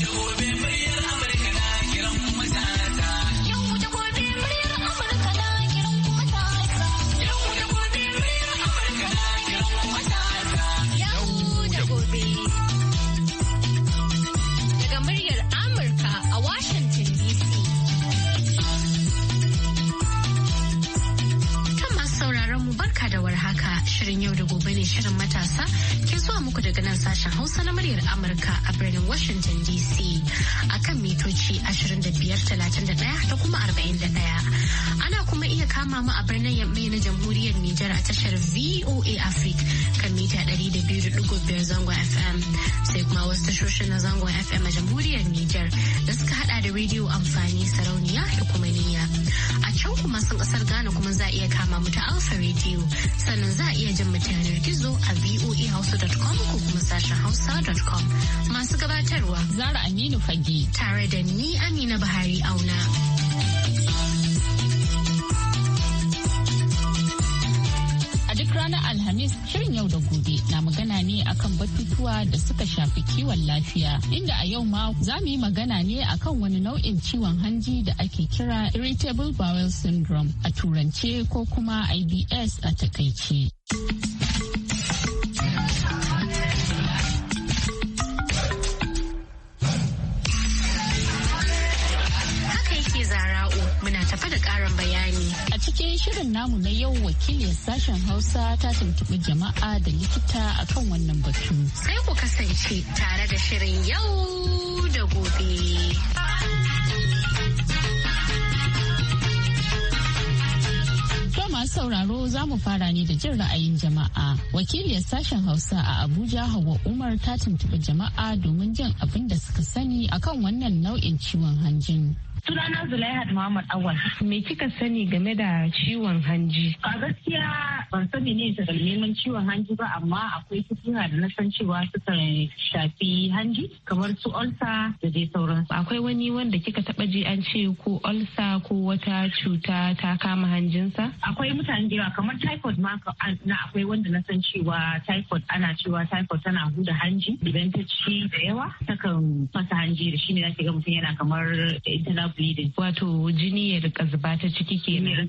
You. sashen Hausa na muryar Amurka a birnin Washington DC a kan mitoci 2531 da kuma 41. Ana kuma iya kama mu a birnin Yamma na Jamhuriyar Nijar a tashar VOA Africa kan mita 200.5 zangon FM. Sai kuma wasu tashoshin na zangon FM a Jamhuriyar Nijar da suka hada da rediyo amfani sarauniya da kuma niyya. A can kuma sun kasar Ghana kuma za a iya kama mu ta Alfa rediyo. sannan za a iya jin yanar gizo a voahausa.com ko kuma sashen hausa.com masu gabatarwa zara aminu fage tare da ni amina bahari auna. A duk ranar Alhamis shirin yau da akan batutuwa da suka shafi kiwon lafiya inda a yau ma za mu yi magana ne akan wani nau'in ciwon hanji da ake kira irritable bowel syndrome a turance ko kuma IBS a takaice. cikin shirin namu na yau wakiliyar sashen Hausa ta tuntuɓi jama'a da likita akan wannan batu. Sai ku kasance tare da shirin yau da gobe. masu sauraro za mu fara ne da jin ra'ayin jama'a. Wakiliyar sashen Hausa a Abuja Hawa Umar ta tuntuɓi jama'a domin jin abin da suka sani akan wannan nau'in ciwon hanjin. Sunana Zulaihat Muhammad Awal. Me kika sani game da ciwon hanji? A gaskiya ban sani ne da neman ciwon hanji ba amma akwai cututtuka da na san cewa suka shafi hanji kamar su olsa da dai sauransu. Akwai wani wanda kika taba ji an ce ko olsa ko wata cuta ta kama hanjinsa? Akwai mutane da yawa kamar typhoid ma na akwai wanda na san cewa typhoid ana cewa typhoid tana huda hanji idan ta ci da yawa takan fasa hanji da shine zaki ga mutum yana kamar internal bleeding wato jini ya rika zuba ta ciki kenan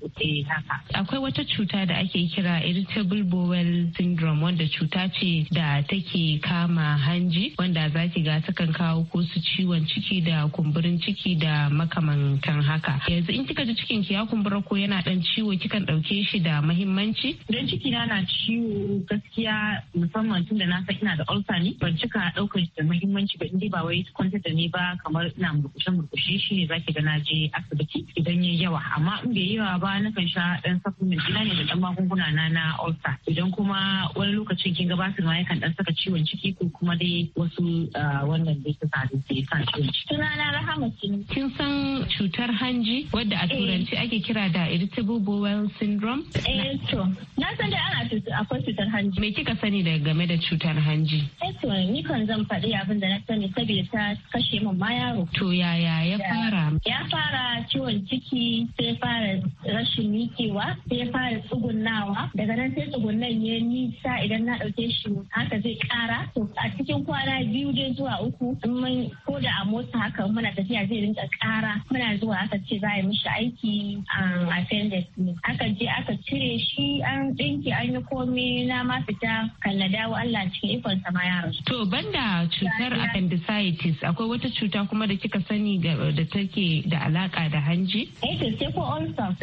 akwai wata cuta da ake kira irritable bowel syndrome wanda cuta ce da take kama hanji wanda zaki ga takan kawo ko su ciwon ciki da kumburin ciki da makamantan haka yanzu in kika ji cikin ki ya kumbura ko yana dan ciwo kikan dauke shi da mahimmanci don ciki na na ciwo gaskiya musamman tun da na san ina da ulcer ne ban cika daukar shi da mahimmanci ba inda ba wai kwantar da ni ba kamar ina murkushe murkushe shi ne zaki ga ga na je asibiti idan ya yawa amma in bai yawa ba na kan sha dan supplement ina ne da dan magunguna na na ulcer idan kuma wani lokacin kin gabatar ma yakan dan saka ciwon ciki ko kuma dai wasu ah, wannan dai ta sadu da sa ciwon ciki rahama kin san cutar hanji wadda a eh. turanci ake kira da irritable bowel syndrome eh to na san dai ana akwai cutar hanji me kika sani da game da cutar hanji eh to ni kan zan faɗi abin da na sani saboda ta kashe min ma yaro to yaya ya fara ya fara ciwon ciki sai fara rashin mikewa sai fara tsugunnawa daga nan sai tsugunnan ya nisa idan na ɗauke shi haka zai kara to a cikin kwana biyu dai zuwa uku in mun ko da a motsa haka muna tafiya zai rinka kara muna zuwa aka ce za a mishi aiki a um, appendix ne aka je aka cire shi an ɗinki an yi komai na ma fita kan dawo Allah cikin ikon ma ya rasu. To banda cutar appendicitis akwai wata cuta kuma da kika sani da take da alaka da hanji? Eh, sai ko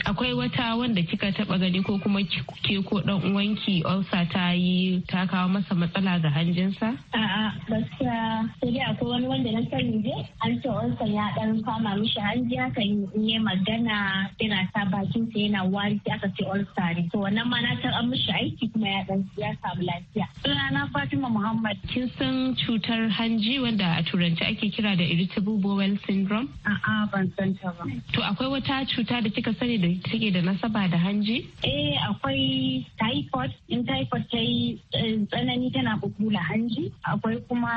Akwai wata wanda kika taba gani ko kuma ke ko dan uwanki ulcer ta yi ta kawo masa matsala ga hanjinsa? A'a, gaskiya sai dai akwai wani wanda na sani je an ce ulcer ya dan kama mishi hanji haka in yi magana yana sa bakin sa yana wari sai aka ce ulcer ne. To wannan ma na an mishi aiki kuma ya dan ya samu lafiya. Sunana Fatima Muhammad. Kin san cutar hanji wanda a turanci ake kira da irritable bowel syndrome? A'a ban santa ba. To akwai wata cuta da kika sani da take da nasaba da hanji? Eh akwai typhoid in typhoid ta yi eh, tsanani tana bubula hanji akwai kuma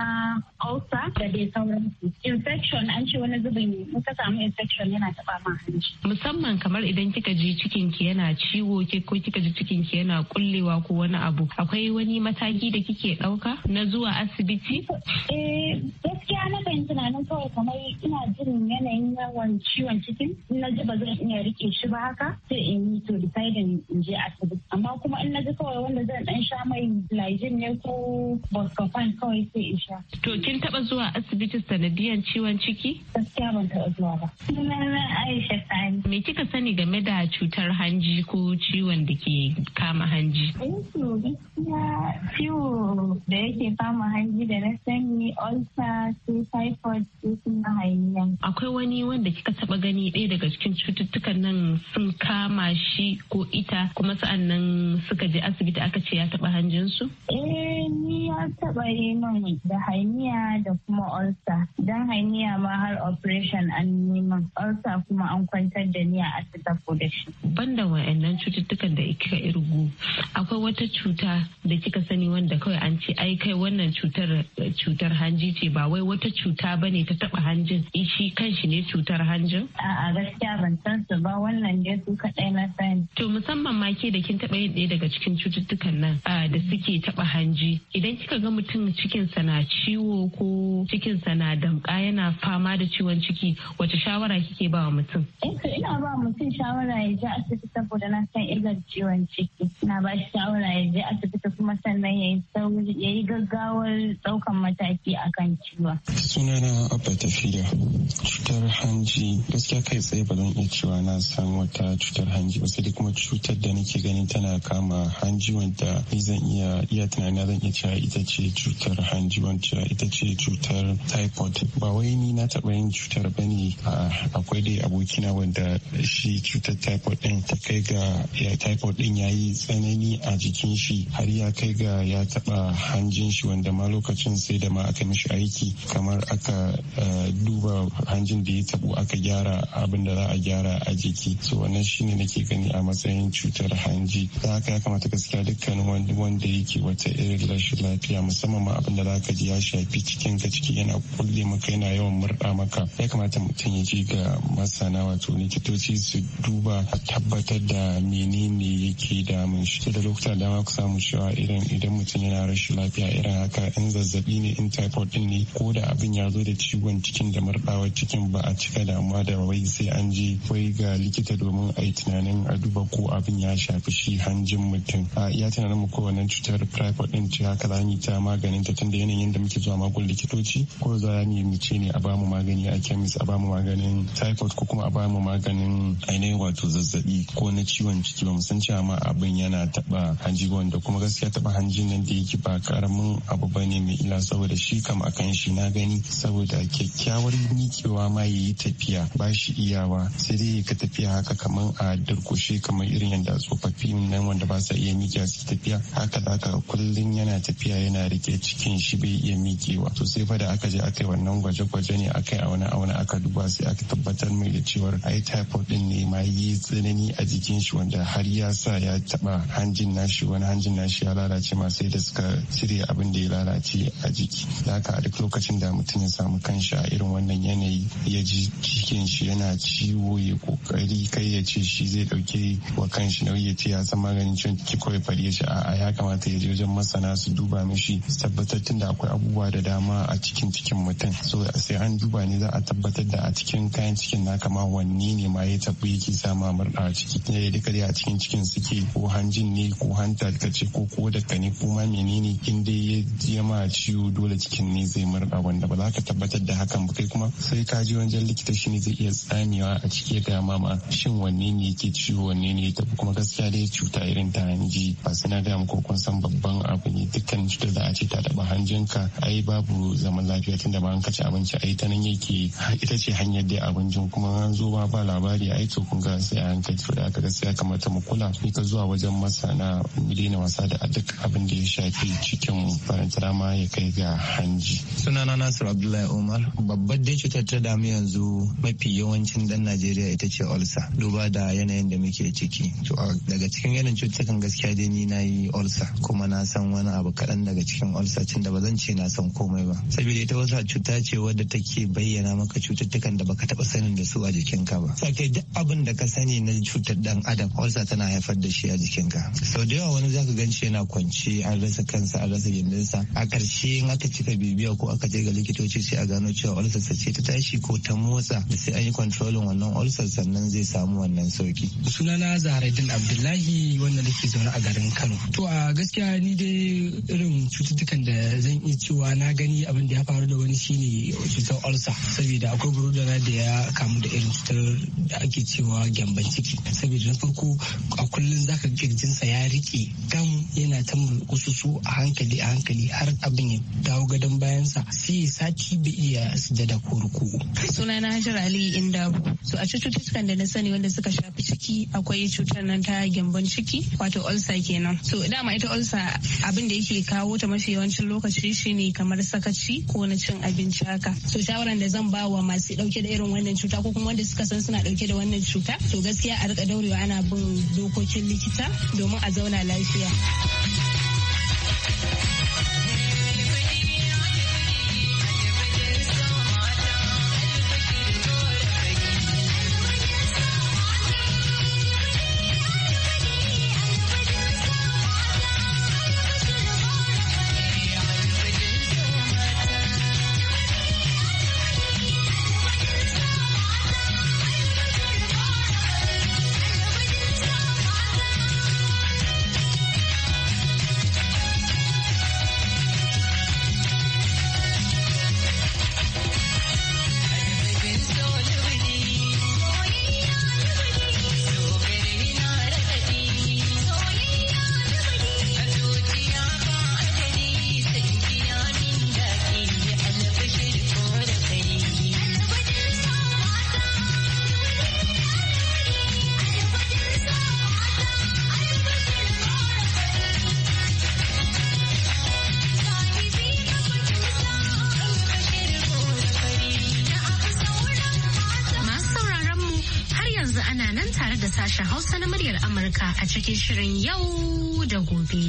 ulcer da dai sauransu. Infection an ce wani zubin in ka samu infection yana taba ma hanci. Musamman kamar idan kika ji cikin ki yana ciwo ke ko kika ji cikin ki yana kullewa ko wani abu akwai wani mataki da kike dauka na zuwa asibiti? Eh gaskiya na ban tunanin kawai kamar ina jin yanayin yawan ciwon cikin na ji ba zan iya rike shi ba haka sai in yi to decide in je asibiti amma kuma in na ji kawai wanda zan dan sha mai glycine ne ko boscofan kawai sai in sha. To kin taba zuwa asibiti sanadiyan ciwon ciki? Gaskiya ban taba zuwa ba. Sunana Aisha Sani. Me kika sani game da cutar hanji ko ciwon da ke kama hanji? Eh gaskiya ciwo da yake kama hanji da na sani ulcer ko typhoid ko kuma hanyar. Akwai wani wanda kika taba gani ɗaya daga cikin cututtukan nan sun kama shi ko ita kuma sa'an nan suka je asibiti aka ce ya taba hanjinsu? Eh an yi min da hainiya da kuma ulcer don hainiya ma har operation an yi min ulcer kuma an kwantar da ni a asibiti da shi. Banda wa'annan cututtukan da kika irgu akwai wata cuta da kika sani wanda kawai an ce ai kai wannan cutar cutar hanji ce ba wai wata cuta bane ta taɓa hanjin shi kanshi ne cutar hanjin? A'a gaskiya ban san su ba wannan dai su kaɗai na sani. To musamman ma ke da kin taɓa yin ɗaya daga cikin cututtukan nan ah, da suke taɓa hanji idan kika ga mutum cikinsa na ciwo ko cikinsa na damƙa yana fama da ciwon ciki wace shawara kike ba wa mutum? Eh ina ba mutum shawara ya je asibiti saboda na san illar ciwon ciki. Na ba shi shawara ya je asibiti kuma sannan ya yi sauri ya yi gaggawar ɗaukan mataki a kan ciwon. Sunana Abba Tafiya. Cutar hanji gaskiya kai tsaye ba zan iya cewa na san wata cutar hanji ba sai kuma cutar da nake ganin tana kama hanji wanda ni zan iya iya tunani zan iya cewa ita ita ce cutar hanji wanda ita ce cutar typhoid ba wai ni na taɓa yin cutar ba ne akwai dai abokina wanda shi cutar typhoid ɗin ta kai ga ya typhoid ɗin ya yi tsanani a jikin shi har ya kai ga ya taɓa hanjin shi wanda ma lokacin sai da ma aka mishi aiki kamar aka eh, duba hanjin da ya taɓo aka gyara abin da za a gyara a jiki so wannan shine nake gani a matsayin cutar hanji da haka ya kamata gaskiya dukkanin wanda yake wata irin rashin lafiya lafiya musamman ma abin da za ka ji ya shafi cikin ka ciki yana kulle maka yana yawan murɗa maka ya kamata mutum ya je ga masana wato likitoci su duba tabbatar da menene yake damun shi da lokuta dama ku samu cewa irin idan mutum yana rashin lafiya irin haka in zazzabi ne in typhoid din ne ko da abin ya zo da ciwon cikin da murdawa cikin ba a cika damuwa da wai sai an je wai ga likita domin a yi tunanin a duba ko abin ya shafi shi hanjin mutum a iya tunanin mu ko wannan cutar typhoid din ce haka za mu ita maganin ta tunda yanayin da muke zuwa makon likitoci ko za mu yi ce ne a ba mu magani a chemist a ba mu maganin typhoid ko kuma a ba mu maganin ainihin wato zazzabi ko na ciwon ciki ba mu san cewa ma abin yana taba hanji wanda kuma gaskiya taba hanji nan da yake ba karamin abu bane mai ila saboda shi kam kan shi na gani saboda kyakkyawar mikewa ma ya yi tafiya ba shi iyawa sai dai ka tafiya haka kamar a durkushe kamar irin yadda tsofaffin nan wanda ba sa iya mikewa su tafiya haka da haka kullum yana tafiya yana rike cikin shi bai iya miƙewa to sai fa da aka je aka yi wannan gwaje-gwaje ne aka yi wani auna aka duba sai aka tabbatar mai da cewar ai typhoid din ne ma yi tsanani a jikin shi wanda har ya sa ya taba hanjin nashi wani hanjin nashi ya lalace ma sai da suka cire abin da ya lalace a jiki da haka a duk lokacin da mutum ya samu kanshi a irin wannan yanayi ya ji cikin shi yana ciwo ya kokari kai ya ce shi zai dauke wa kanshi nauyi ya ce ya san maganin ciwon ciki kawai fari ya ce a'a ya kamata ya je wajen masana su duba mishi tabbatar da akwai abubuwa da dama a cikin cikin mutum so sai an duba ne za a tabbatar da a cikin kayan cikin na kama wanne ne ma ya ya yake sama murɗa a ciki ne da kare a cikin cikin suke ko hanjin ne ko hanta ka ce ko ko da ka ne ko ma menene in dai ya je ma ciwo dole cikin ne zai murɗa wanda ba za ka tabbatar da hakan ba kai kuma sai ka je wajen likita shi ne zai iya tsamewa a ciki ga mama shin wanne ne yake ciwo wanne ne ya tabbu kuma gaskiya dai cuta irin ta hanji ba sai na ga ko kun san babban abu ne dukkan da a ce ta taba hanjinka ai babu zaman lafiya tunda ba an ci abinci ai ta nan yake ita ce hanyar dai abincin kuma an zo ba labari ai to kun ga sai an kai da aka sai ya kamata mu kula ni ka zuwa wajen masana mu wasa da duk abin da ya shafi cikin farantara ma ya kai ga hanji. sunana nasir abdullahi umar babbar dai cutar ta damu yanzu mafi yawancin dan najeriya ita ce olsa duba da yanayin da muke ciki to daga cikin yanayin kan gaskiya dai ni na yi olsa kuma na san wani abu kaɗan da daga cikin ulcer cin da ba zan ce na san komai ba saboda ita wasu cuta ce wadda take bayyana maka cututtukan da baka taba sanin da su a jikinka ba sake duk abin da ka sani na cutar dan adam ulcer tana haifar da shi a jikinka sau da yawa wani zaka gan shi yana kwance an rasa kansa an rasa gindinsa a ƙarshe in aka cika bibiya ko aka je ga likitoci sai a gano cewa ulcer ce ta tashi ko ta motsa da sai an yi kontrolin wannan ulcer sannan zai samu wannan sauki sunana zaharaddin abdullahi wanda nake zaune a garin kano to a gaskiya ni dai irin cututtukan da zan iya cewa na gani abin da ya faru da wani shine cutar ulcer saboda akwai burudana da ya kamu da irin cutar da ake cewa gyamban ciki saboda na farko a kullum zaka sa ya rike gam yana ta murkususu a hankali a hankali har abin ya dawo gadon bayansa sai sati bai iya sujada ko ruku. na hajar ali inda so a cututtukan da na sani wanda suka shafi ciki akwai cutar nan ta gyamban ciki wato ulcer kenan so dama ita ulcer abin da yake kawo kawo mafi yawancin lokaci shi ne kamar sakaci ko na cin abinci haka to shawaran da zan bawa masu dauke da irin wannan cuta ko kuma wanda suka san suna dauke da wannan cuta to gaskiya a rika daurewa ana bin dokokin likita domin a zauna lafiya. shirin yau da gobe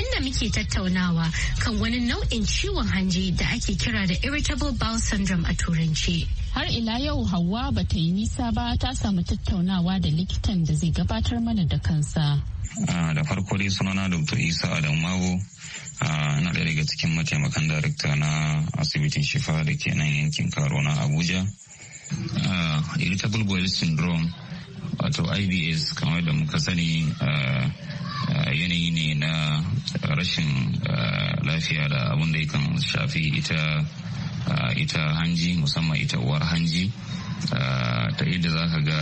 inda muke tattaunawa kan wani nau'in ciwon hanji da ake kira da irritable bowel syndrome a turanci. Har ila yau Hauwa ba ta yi nisa ba ta samu tattaunawa da likitan da zai gabatar mana da kansa. Da farko dai sunana Dr. Isa Adam mago na ɗaya daga cikin mataimakan darakta na asibitin shifa da ke nan yankin Karo na Abuja. Irritable bowel syndrome wato ibs kamar da muka sani uh, uh, yanayi ne na rashin uh, lafiya da abin da yakan shafi ita ita hanji musamman ita uwar hanji ta yadda za ka ga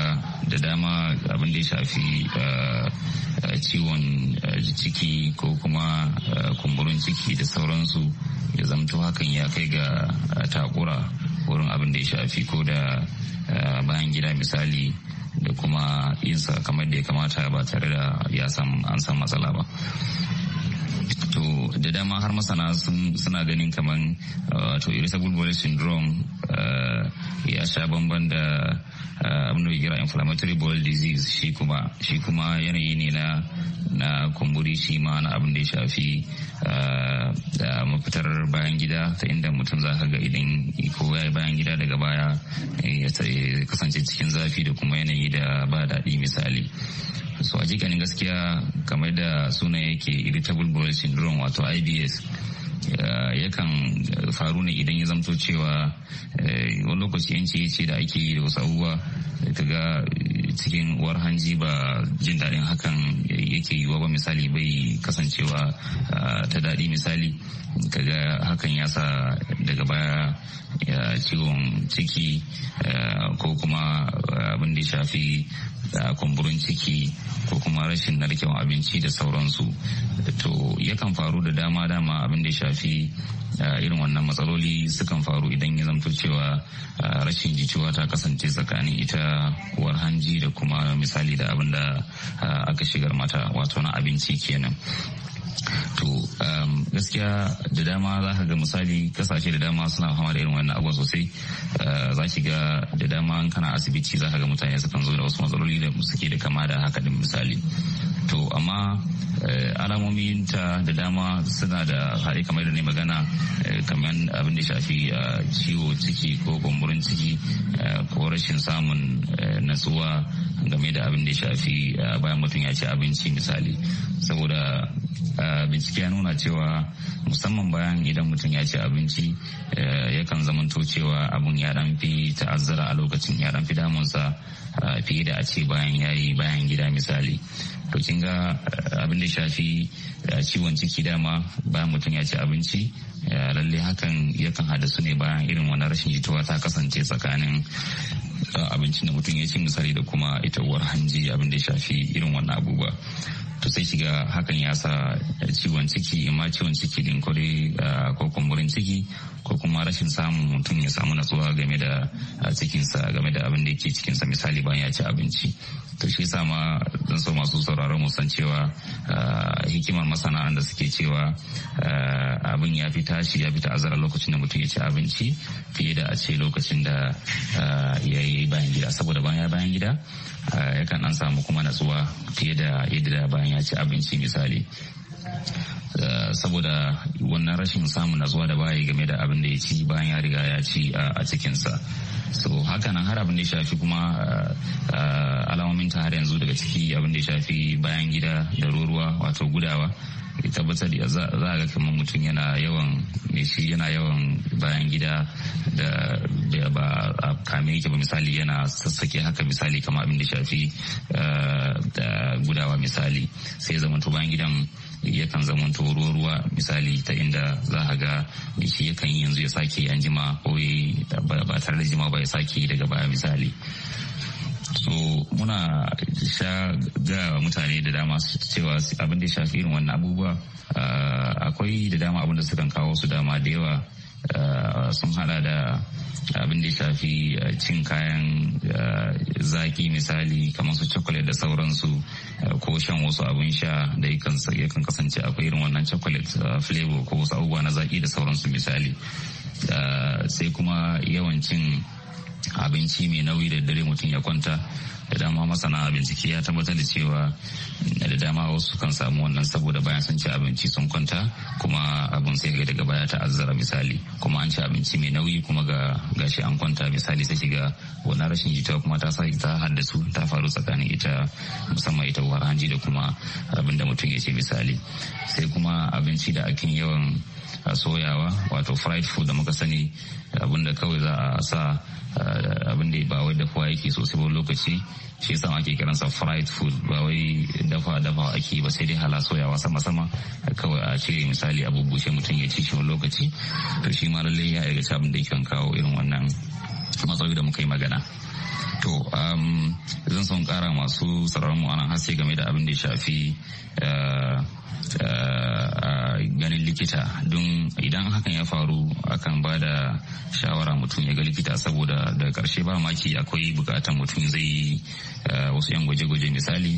da dama abin da ya shafi ciwon ciki ko kuma kumburin ciki da sauransu ya zamto hakan ya kai ga takura wurin abin da ya shafi ko da bayan gida misali da kuma yinsa kamar da ya kamata ba tare da ya san an san matsala ba to da dama har masana suna ganin kamar uh, to irisa bowel syndrome uh, ya sha bamban da Ah, abin da amnogira inflammatory bowel disease shi kuma shi kuma yanayi ne na na kumburi shi ma na abin da ya shafi ah, da mafitar bayan gida ta inda mutum za ka ga idan ko ya bayan gida daga baya eh, ya kasance cikin zafi da kuma yanayi da ba daɗi misali so a gaskiya kamar da suna yake irritable bowel syndrome wato ibs Eh, yakan faru ne idan ya zamto cewa eh, wani lokaci yanci ya ce da ake yi da wasu abubuwa ka ga cikin uwar hanji ba jin daɗin hakan yake yiwa ba misali bai kasancewa ah, ta daɗi misali kaga hakan ya sa daga baya eh, ciwon ciki ko kuma abin da shafi da kumburin ciki ko kuma rashin narkewan abinci da sauransu to yakan faru da dama dama abin da ya shafi irin wannan matsaloli sukan faru idan ya zamto cewa rashin jituwa ta kasance tsakanin ita uwar hanji da kuma misali da abin da aka shigar mata wato na abinci kenan to um, gaskiya da dama za ka ga misali kasashe da dama suna fama da irin wannan abubuwan sosai uh, za shi ga da dama kana asibiti za ka ga mutane sukan zo da wasu matsaloli da suke da kama da haka din misali to amma eh, alamomin ta da dama suna da haɗe kamar da ne magana eh, kamar abin da shafi eh, ciwo ciki ko kumburin ciki ko rashin samun natsuwa game da abin da shafi bayan mutum ya ci abinci misali saboda bincike ya nuna cewa musamman bayan idan mutum ya ci abinci yakan zamanto cewa abin ya dan fi ta'azzara a lokacin ya dan fi damunsa fiye da a ce bayan yayi bayan gida misali to kin ga eh, abin da shafi eh, ciwon ciki dama bayan mutum ya ci abinci eh, lalle hakan yakan haddasu ne bayan irin wani rashin jituwa ta kasance tsakanin abincin da mutum ya ci misali da kuma ita uwar hanji abin da shafi irin wannan abubuwa to sai shiga hakan ya sa ciwon ciki ma ciwon ciki din kwarai ko kumburin ciki ko kuma rashin samun mutum ya samu natsuwa game da cikinsa game da abin da yake cikinsa misali bayan ya ci abinci to shi yasa ma zan so masu sauraron mu san cewa hikimar masana da suke cewa abin ya fi tashi ya fi azara lokacin da mutum ya ci abinci fiye da a ce lokacin da ya yi bayan gida saboda bayan gida yakan an samu kuma natsuwa fiye da yadda bayan ya ci abinci misali eh, saboda wannan rashin samun natsuwa da baya game da abin da ya ci bayan ya riga ya ci a cikinsa so hakanan har abin da ya shafi kuma eh, eh, alamomin ta har yanzu daga ciki abin da ya shafi bayan gida da ruwa wato gudawa ya tabbatar za a ga kamar mutum yana yawan mai shi yana yawan bayan gida da ba a kame yake ba misali yana sassake haka misali kamar abin da shafi eh, da gudawa misali sai zamanto bayan gidan yakan zama ruwa ruwa misali ta inda za a ga shi yakan yi yanzu ya sake an jima ko ba tare da jima ba ya sake daga baya misali so muna sha ga mutane da dama cewa abin da shafi irin wannan abubuwa ah, akwai da dama abin da sukan kawo su dama da yawa ah, sun hada da abin da shafi ah, cin kayan zaki misali kamar su chocolate da sauransu ko shan wasu abin sha da yakan kasance akwai irin wannan chocolate flavor ko wasu abubuwa na zaki da sauransu misali sai kuma yawancin abinci mai nauyi da dare mutum ya kwanta da dama masana bincike ya tabbatar da cewa mm, da dama wasu kan samu wannan saboda bayan sun ci abinci sun kwanta kuma abin sai ga daga baya ta ta'azzara misali kuma an ci abinci mai nauyi kuma ga gashi an kwanta misali sai shiga wannan rashin jituwa kuma ta sa ta haddasu ta faru tsakanin ita musamman ita uwar hanji da kuma abin da mutum ya ce misali sai kuma abinci da akin yawan soyawa wato fried food da muka sani abinda kawai za a sa Eh, abin da ba wai dafuwa yake sosai ba lokaci shi yasa ake kiransa fried food ba wai dafa dafa ake ba sai dai hala soyawa sama sama kawai a ce misali abu bushe mutum ya ci shi wani lokaci to shi ma lallai ya daga abin da yake kawo irin wannan matsayi da muka yi magana To, um, zan son kara masu sauraron mu ana haske game da abin da ya shafi eh, eh, eh, ganin likita don idan hakan ya faru akan ba da shawara mutum ya ga likita saboda da karshe ba maki akwai bukatan mutum zai wasu yan gwaje-gwaje misali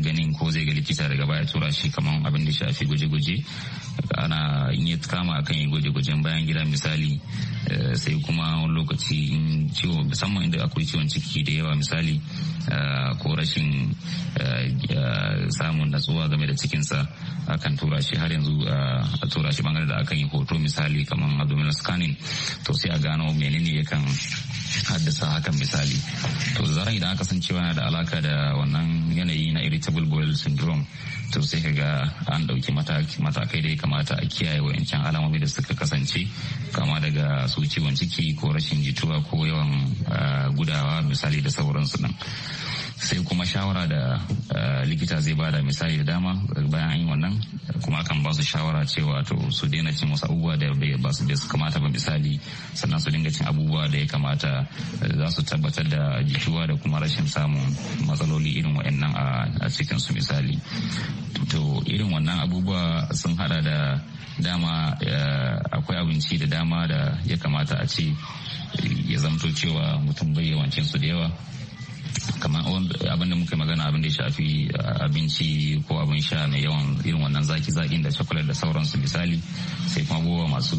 ganin ko zai ga likita daga baya tura shi kamar abin da shafi gwaje-gwaje ana in ya kama akan yi gwaje-gwajen bayan gida misali sai kuma wani lokaci ciwo musamman inda akwai ciwon ciki ciki da yawa misali ah, ko rashin ah, ah, samun natsuwa game da cikinsa akan tura shi har yanzu a tura shi bangare da akan yi hoto misali kamar abdominal scanning to sai a gano menene yakan haddasa hakan misali to zaran idan aka san cewa yana da alaka da wannan yanayi na irritable bowel syndrome to sai ka ga an ɗauki matakai da ya kamata a kiyaye wa'ancan alamomi da suka kasance kama daga su ciwon ciki ko rashin jituwa ko yawan ah, gudawa misali da sauransu nan sai kuma shawara da eh, likita zai bada misali da dama bayan an wannan kuma akan ba su shawara cewa to su daina cin wasu abubuwa da ba su su kamata ba misali sannan su dinga cin abubuwa da ya kamata eh, za su tabbatar da jituwa da kuma rashin samun matsaloli irin wa'annan a cikin su misali to irin wannan abubuwa sun hada da dama eh, akwai abinci da dama da ya kamata a ce ya zamto cewa mutum bai yawancin su da yawa kamar abin da muka magana abin da ya shafi ah, abinci ko abin sha mai yawan irin wannan zaki zakin da chocolate da sauransu misali sai kuma abubuwa masu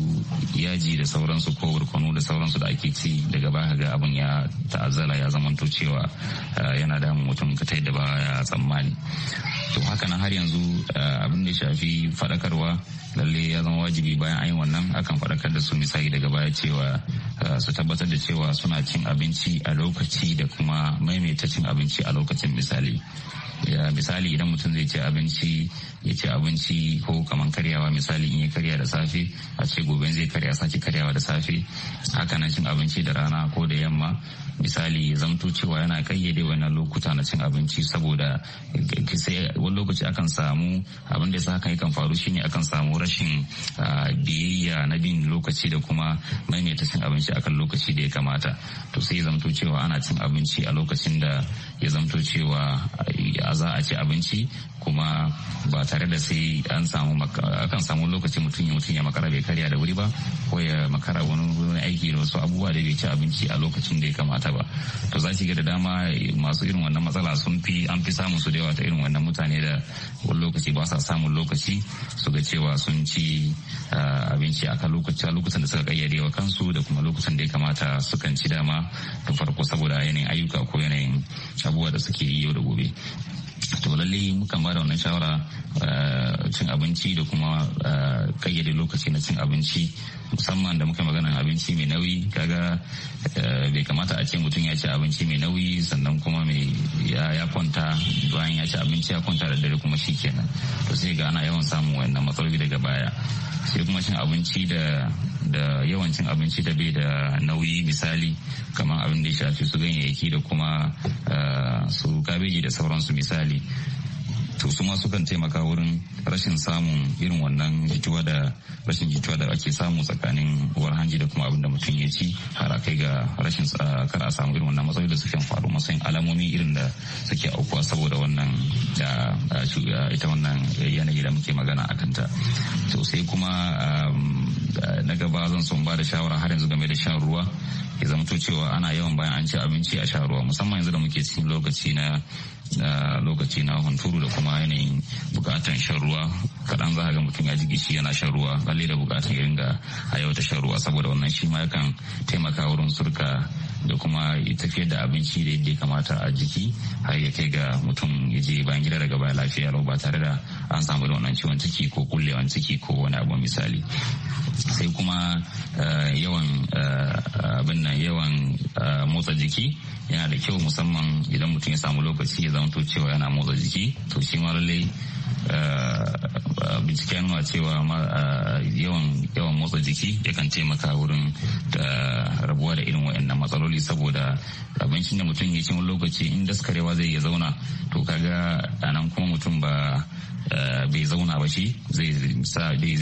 yaji da sauransu ko barkono da sauransu da ake ci daga baya ga abin ya ta'azzala ya zamanto cewa ah, yana damun mutum ka da ba ya tsammani to haka nan har yanzu ah, abin da ya shafi faɗakarwa lalle ya zama wajibi bayan an yi wannan akan faɗakar da su misali daga baya cewa eh, su tabbatar da cewa suna cin abinci a lokaci da kuma maimaita cin abinci a lokacin misali misali idan mutum zai ci abinci ya ci abinci ko kaman karyawa misali in ya karya da safe a ce gobe zai karya sake karyawa da safe haka na cin abinci da rana ko da yamma misali ya zamto cewa yana kayyade wannan lokuta na cin abinci saboda wani lokaci akan samu abin da hakan yakan faru shine akan samu rashin biyayya na bin lokaci da kuma maimaita cin abinci akan lokaci da ya kamata to sai ya zamto cewa ana cin abinci a lokacin da ya zamto cewa za a ci abinci kuma ba ta tare da sai an samu akan samu lokaci mutum ya mutum ya makara bai karya da wuri ba ko ya makara wani aiki da wasu abubuwa da bai ci abinci a lokacin da ya kamata ba to za ki ga da dama eh, masu irin wannan matsala sun fi an fi samun su da yawa ta irin wannan mutane da wani lokaci ba sa samun lokaci su ga cewa sun ci ah, abinci a kan lokaci a lokacin da suka kayyade wa kansu da kuma lokacin da ya kamata sukan ci dama ta farko saboda yanayin ayyuka ko yanayin abubuwa da suke yi yau da gobe to lalle mukan ba da wannan shawara eh, cin abinci da kuma eh, kayyade lokaci na cin abinci musamman da muka magana abinci mai nauyi kaga eh, bai kamata a ce mutum ya ci abinci mai nauyi sannan kuma mai ya kwanta bayan ya ci abinci ya kwanta da dare kuma shi kenan to sai ga ana yawan samun wannan matsaloli daga baya sai kuma cin abinci da da yawan abinci da bai da nauyi misali kamar abin da ya shafi su ganyayyaki da kuma eh, su kabeji da sauransu misali to su ma sukan taimaka wurin rashin samun irin wannan jituwa da rashin jituwa da ake samu tsakanin uwar hanji da kuma abin da mutum ya ci har a kai ga rashin kar a samu irin wannan matsaloli da suke faru matsayin alamomi irin da suke aukuwa saboda wannan da ita wannan yanayi da muke magana a kanta to sai kuma um, na gaba zan son ba da shawara har yanzu game da shan ruwa ya to cewa ana yawan bayan an ci abinci a sha ruwa musamman yanzu da muke cikin lokaci na da lokaci na hunturu da kuma yanayin bukatan shan ruwa kaɗan za ga mutum ya ji gishi yana shan ruwa lalle da bukatar ya ringa a yau ta shan ruwa saboda wannan shi ma yakan taimaka wurin surka da kuma tafiya da abinci da yadda ya kamata a jiki har ya kai ga mutum ya je bayan gida daga baya lafiya ba tare da an samu da wannan ciwon ciki ko kullewan ciki ko wani abu misali sai kuma eh, yawan eh, abin nan yawan eh, motsa jiki yana da kyau musamman idan mutum ya samu lokaci ya zama to cewa yana motsa jiki to shi ma lallai Eh, bincike nuna cewa eh, yawan yawan motsa jiki yakan taimaka wurin eh, rabuwa da irin waɗannan matsaloli saboda abincin da mutum ya cin lokaci in daskarewa zai ya zauna to kaga anan kuma mutum ba Eh, bai zauna ba shi zai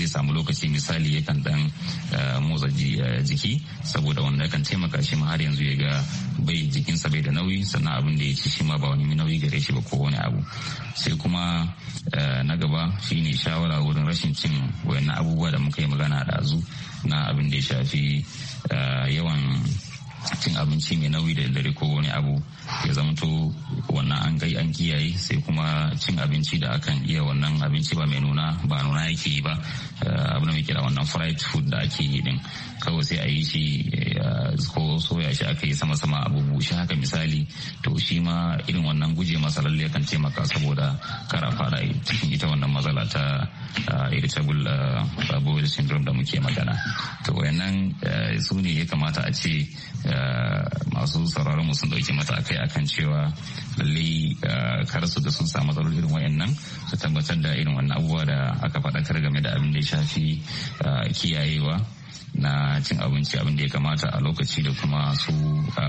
samu lokaci misali yakan dan eh, motsa eh, jiki saboda wanda kan taimaka shi ma har yanzu ya ga bai jikinsa bai da nauyi sannan abin da ya ci shi ma ba wani nauyi gare shi ba ko wani abu sai kuma na gaba shi ne shawara wurin rashin cin wayannan abubuwa da muka yi magana da azu na abin da ya shafi yawan cin abinci mai nauyi da dare ko wani abu ya zamanto wannan an gai an kiyaye sai kuma cin abinci da akan iya wannan abinci ba mai nuna ba nuna yake yi ba eh, abu da mai kira wannan fried food da ake yi din kawai sai a yi shi eh, ko soya shi aka yi sama-sama abu shi haka misali to shi ma irin wannan guje masa lalle kan taimaka saboda kara fara cikin ita wannan matsala ta eh, irritable bowel syndrome da muke magana to wayannan su ne ya kamata a ce da masu sauraron mu sun ɗauki mata akan cewa lalle eh, kar su da sun samu matsaloli irin wayannan su tabbatar da irin wannan abubuwa da aka faɗakar game da abin da ya shafi eh, kiyayewa na cin abinci abin da ya kamata a lokaci da kuma su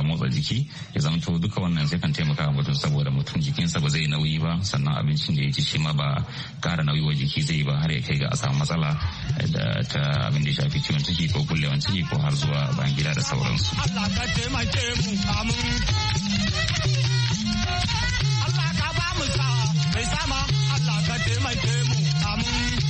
motsa jiki ya zamto duka wannan sai kan taimaka wa mutum saboda mutum jikinsa ba zai nauyi ba sannan abincin da ya ci shi ma ba kara nauyi wa jiki zai ba har ya kai ga a samu matsala da ta abin da ya shafi ciwon ciki ko kullewan ciki ko har zuwa bayan gida da sauransu. Allah ka Allah ka ba mu sa mai sama Allah ka taimake mu amin.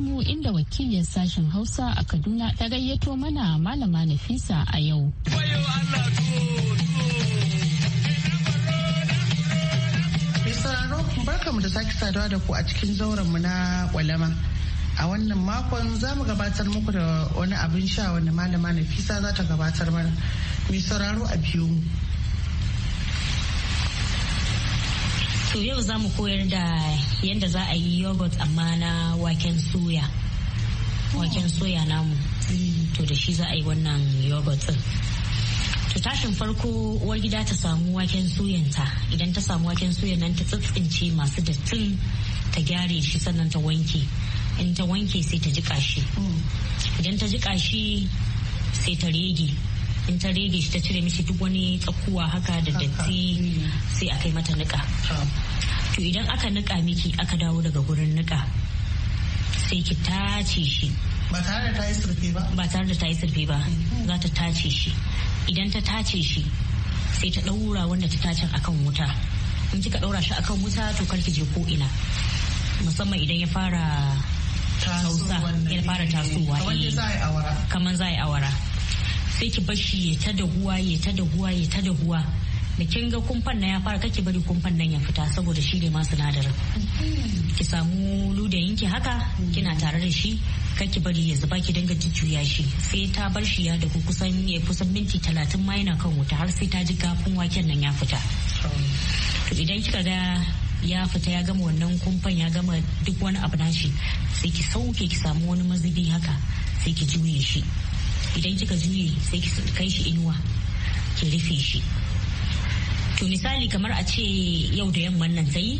mu inda wakilin sashen Hausa a Kaduna ta gayyato mana malama Nafisa a yau. barkamu da sake saduwa da ku a cikin zauren mu na kwalama. A wannan makon za mu gabatar muku da wani abin sha wanda malama Nafisa za ta gabatar mana. Mai sauraro a biyu To yau za mu koyar da yadda za a yi yogurt amma na waken soya. Waken soya namu. To da shi za a yi wannan yogurt din. To tashin farko uwar gida ta samu waken soyanta. Idan ta samu waken soyan nan ta tsintsince masu dattin ta gyare shi sannan ta wanke. In ta wanke sai ta jiƙa shi. Mm. Idan ta jiƙa shi sai ta rege. in ta rege shi ta cire mishi duk wani tsakuwa haka da datti sai a kai mata niƙa to idan aka niƙa miki aka dawo daga gurin niƙa sai ki tace shi ba tare da ta yi surfe ba ba tare da ta yi surfe ba mm-hmm. za ta tace shi idan ta tace shi sai ta ɗaura wanda ta tacen akan wuta in kika ɗaura shi akan wuta to karki je ko ina musamman idan ya fara tasowa ya fara tasowa eh. kamar za a yi awara sai ki bar shi ya ta dahuwa ya ta dahuwa ya ta dahuwa da kin ga kumfan nan ya fara kake bari kumfan nan ya fita saboda shi ne ma sinadarin mhm. ki samu luda yinki haka kina tare da shi kake bari ya zuba ki dinga jujjuya shi sai ta bar shi ya dahu kusan ya kusan minti talatin ma yana kan wuta har sai ta ji gafin waken nan ya fita to idan kika ga ya fita ya gama wannan kumfan ya gama duk wani abu nashi sai ki sauke ki samu wani mazubi haka sai ki juye shi idan kika juye sai ki kai shi inuwa ki rufe shi to misali kamar a ce yau da yamman nan ta yi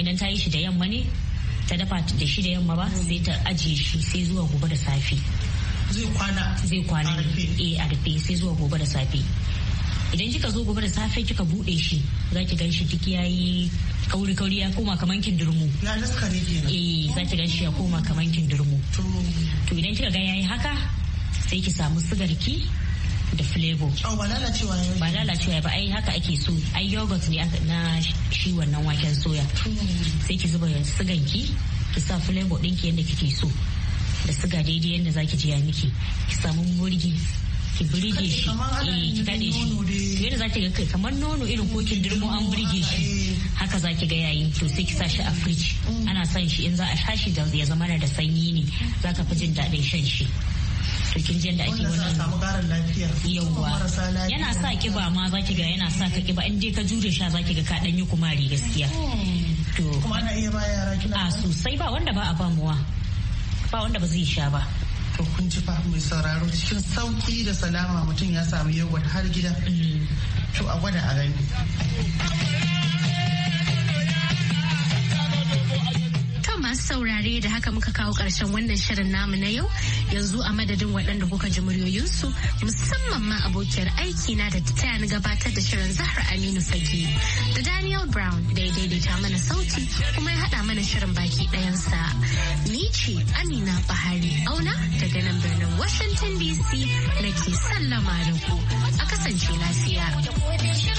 idan ta yi shi da yamma ne ta dafa da shi da yamma ba sai ta ajiye shi sai zuwa gobe da safe zai kwana zai kwana ne eh, a rufe sai zuwa gobe da safe idan kika zo gobe da safe kika bude shi za ki ganshi duk yayi kauri kauri ya koma kaman durmu Na naskare kenan eh za ki ganshi ya koma kaman durmu to idan kika ga yayi haka sai ki samu sigarki da flavor. Oh, ba lalacewa ya Ba lalacewa ba ai haka ake so. Ai yogurt ne na shi wannan waken soya. Sai ki zuba siganki ki sa flavor ɗinki yadda kike so. Da siga daidai yadda za ki jiya miki. Ki samu murgi ki birge shi eh, ki kaɗe shi yadda ga kai kamar nono irin kokin dirmo an birge shi eh. haka ki ga yayi to sai ki sa shi a fridge mm. ana son shi in za a tashi da ya zama da sanyi ne za ka fi jin daɗin shan shi da kin da ake wannan yauwa yana sa kiba ma zaki ga yana sa ka kiba in dai ka jure sha zaki ga ka dan yi kumari gaskiya to kuma ana iya ba yara kina a sosai ba wanda ba a ba muwa ba wanda ba zai sha ba to kun ji fa mai sauraro cikin sauki da salama mutum ya samu yogurt har gida mm. to a gwada a gani masu saurare da haka muka kawo ƙarshen wannan shirin namu na yau yanzu a madadin waɗanda kuka ji muryoyinsu musamman ma abokiyar aiki na da ta ni gabatar da shirin Zahra Aminu Fage da Daniel Brown da ya daidaita mana sauti kuma ya haɗa mana shirin baki ɗayansa. Ni ce Amina Bahari Auna daga nan birnin Washington DC na nake sallama da ku a kasance lafiya.